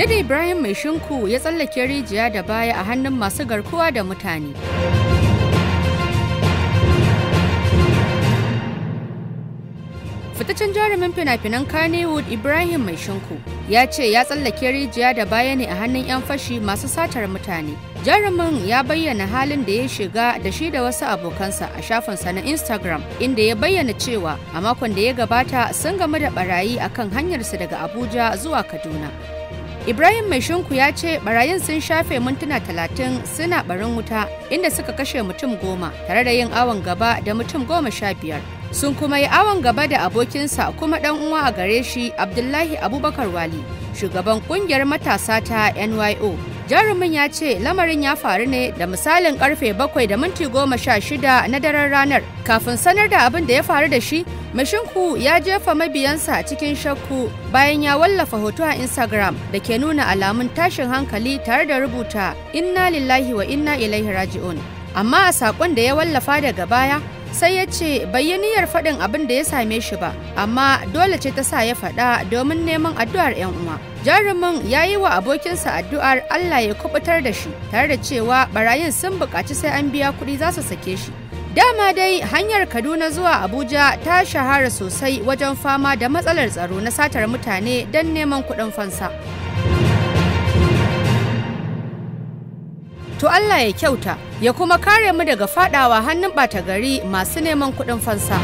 Yadda Ibrahim Mai Shinku ya tsallake rijiya da baya a hannun masu garkuwa da mutane. fitaccen jarumin fina-finan Kannywood Ibrahim Mai Shinku ya ce ya tsallake rijiya da baya ne a hannun 'yan fashi masu satar mutane. Jarumin ya bayyana halin da ya shiga da shi da wasu abokansa a shafinsa na Instagram inda ya bayyana cewa a makon da ya gabata sun game da barayi akan hanyarsa daga Abuja zuwa Kaduna. Ibrahim Mai Shinku ya ce barayin sun shafe mintuna talatin suna barin wuta inda suka kashe mutum goma tare da yin awon gaba da mutum goma sha biyar. Sun kuma yi awon gaba da abokinsa kuma dan uwa a gare shi Abdullahi Abubakar Wali, shugaban kungiyar matasa ta NYO. jarumin ya ce lamarin ya faru ne da misalin karfe 7 da minti goma sha shida na daren ranar kafin sanar da abin da ya faru da shi mashinku ya jefa mabiyansa cikin shakku bayan ya wallafa hoto a instagram da ke nuna alamun tashin hankali tare da rubuta inna lillahi wa inna ilaihi raji'un amma a saƙon da ya wallafa daga baya sai ya ce bai yi faɗin abin da ya same shi ba amma dole ce ta sa ya faɗa domin neman addu'ar 'yan uwa jarumin ya yi wa abokinsa addu'ar allah ya kubutar da shi tare da cewa barayin sun buƙaci sai an biya kuɗi za su sake shi dama dai hanyar kaduna zuwa abuja ta shahara sosai wajen fama da matsalar tsaro na satar mutane don neman kuɗin fansa to Allah ya kyauta ya kuma kare mu daga fadawa hannun ɓata gari masu neman kuɗin fansa.